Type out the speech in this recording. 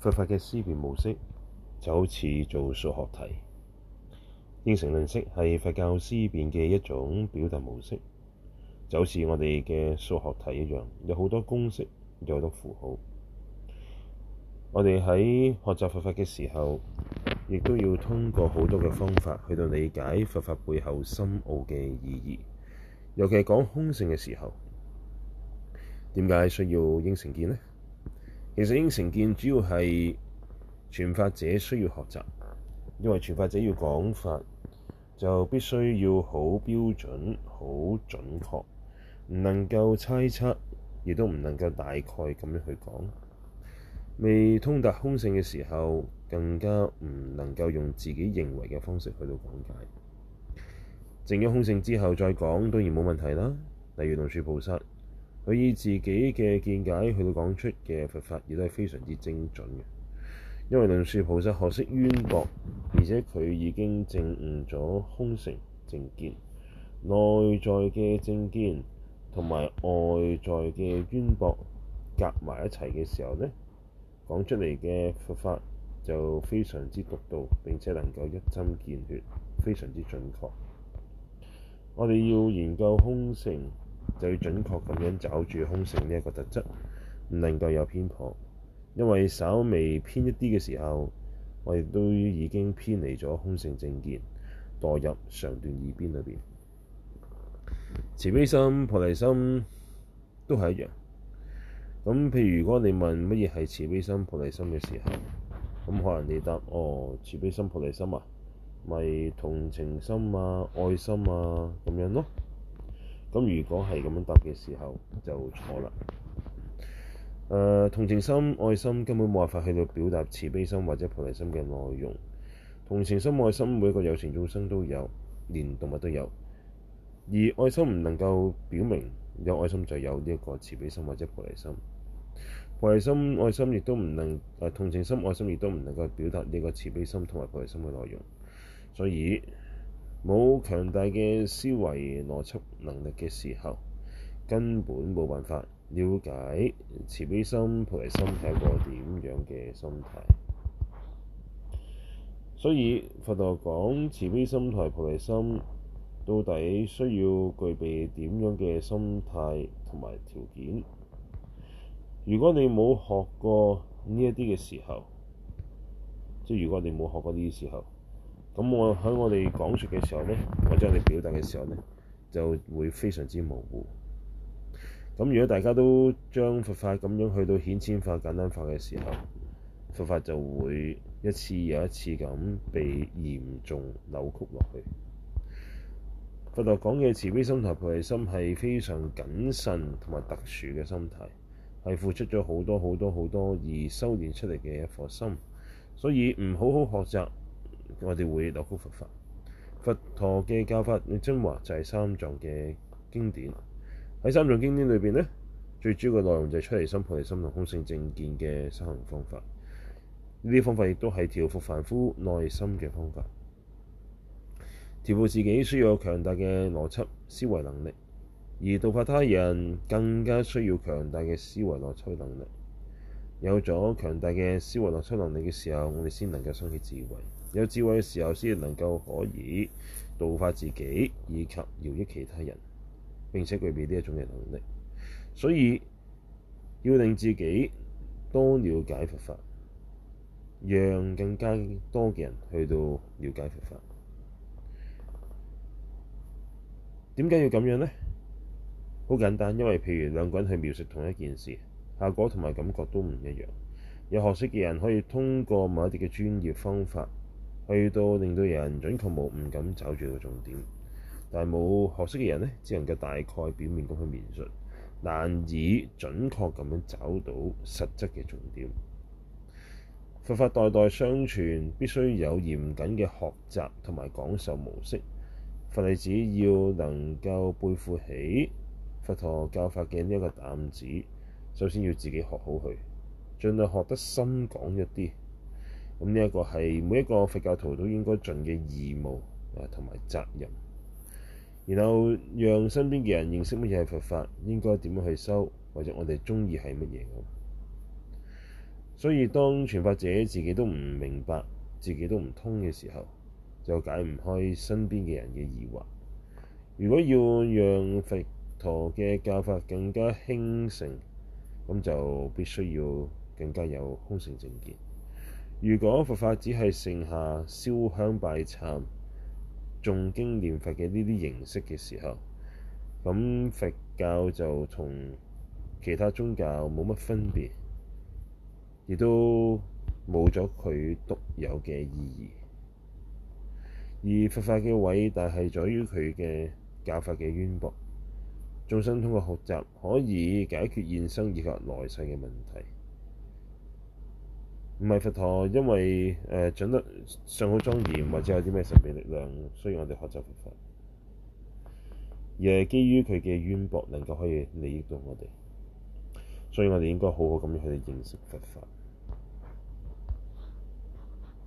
佛法嘅思辨模式，就好似做數學題，應成論式係佛教思辨嘅一種表達模式，就好似我哋嘅數學題一樣，有好多公式，有好多符號。我哋喺學習佛法嘅時候，亦都要通過好多嘅方法去到理解佛法背後深奧嘅意義。尤其係講空性嘅時候，點解需要應成見呢？其實應成見主要係傳法者需要學習，因為傳法者要講法，就必須要好標準、好準確，唔能夠猜測，亦都唔能夠大概咁樣去講。未通達空性嘅時候，更加唔能夠用自己認為嘅方式去到講解。證咗空性之後再講，當然冇問題啦。例如龍樹菩薩。佢以自己嘅見解去到講出嘅佛法亦都係非常之精準嘅，因為龍樹菩薩學識淵博，而且佢已經證悟咗空性正見，內在嘅正見同埋外在嘅淵博夾埋一齊嘅時候呢，講出嚟嘅佛法就非常之獨到，並且能夠一針見血，非常之準確。我哋要研究空性，就要準確咁樣找住空性呢一個特質，唔能夠有偏頗，因為稍微偏一啲嘅時候，我哋都已經偏離咗空性正見，墮入常斷二邊裏邊。慈悲心、菩提心都係一樣。咁譬如如果你問乜嘢係慈悲心、菩提心嘅時候，咁可能你答哦，慈悲心、菩提心啊，咪、就是、同情心啊、愛心啊咁樣咯。咁如果係咁樣答嘅時候就錯啦。誒、呃、同情心、愛心根本冇辦法去到表達慈悲心或者菩提心嘅內容。同情心、愛心每個有情眾生都有，連動物都有。而愛心唔能夠表明有愛心就有呢一個慈悲心或者菩提心。菩提心、愛心亦都唔能誒、呃、同情心、愛心亦都唔能夠表達呢個慈悲心同埋菩提心嘅內容。所以冇強大嘅思維邏輯能力嘅時候，根本冇辦法了解慈悲心、菩提心係一個點樣嘅心態。所以佛陀講慈悲心同菩提心到底需要具備點樣嘅心態同埋條件？如果你冇學過呢一啲嘅時候，即係如果你冇學過呢啲時候。咁我喺我哋講述嘅時候呢，我將你表達嘅時候呢，就會非常之模糊。咁如果大家都將佛法咁樣去到顯淺化、簡單化嘅時候，佛法就會一次又一次咁被嚴重扭曲落去。佛陀講嘅慈悲心同菩提心係非常謹慎同埋特殊嘅心態，係付出咗好多好多好多而修煉出嚟嘅一顆心，所以唔好好學習。我哋會樂觀佛法，佛陀嘅教法嘅精華就係、是、三藏嘅經典。喺三藏經典裏邊咧，最主要嘅內容就係出離心、菩提心同空性正見嘅修行方法。呢啲方法亦都係調服凡夫內心嘅方法。調服自己需要強大嘅邏輯思維能力，而度化他人更加需要強大嘅思維邏輯能力。有咗強大嘅思化吸收思維邏輯能力嘅時候，我哋先能夠生起智慧。有智慧嘅時候，先能夠可以度化自己，以及搖益其他人。並且具備呢一種嘅能力，所以要令自己多了解佛法，讓更加多嘅人去到了解佛法。點解要咁樣呢？好簡單，因為譬如兩個人去描述同一件事。效果同埋感覺都唔一樣。有學識嘅人可以通過某一啲嘅專業方法去到令到人準確無誤咁找住個重點，但係冇學識嘅人呢，只能夠大概表面咁去描述，難以準確咁樣找到實質嘅重點。佛法代代相傳，必須有嚴謹嘅學習同埋講授模式。佛弟子要能夠背負起佛陀教法嘅呢一個擔子。首先要自己學好佢，盡量學得深廣一啲。咁呢一個係每一個佛教徒都應該盡嘅義務同埋責任。然後讓身邊嘅人認識乜嘢係佛法，應該點樣去修，或者我哋宗義係乜嘢咁。所以當傳法者自己都唔明白，自己都唔通嘅時候，就解唔開身邊嘅人嘅疑惑。如果要讓佛陀嘅教法更加興盛。咁就必須要更加有空性正見。如果佛法只係剩下燒香拜懺、誦經念佛嘅呢啲形式嘅時候，咁佛教就同其他宗教冇乜分別，亦都冇咗佢獨有嘅意義。而佛法嘅偉大係在於佢嘅教法嘅淵博。眾生通過學習，可以解決現生以及來世嘅問題，唔係佛陀，因為誒、呃、長得相好莊嚴或者有啲咩神秘力量，所以我哋學習佛法，而係基於佢嘅淵博，能夠可以利益到我哋，所以我哋應該好好咁去認識佛法。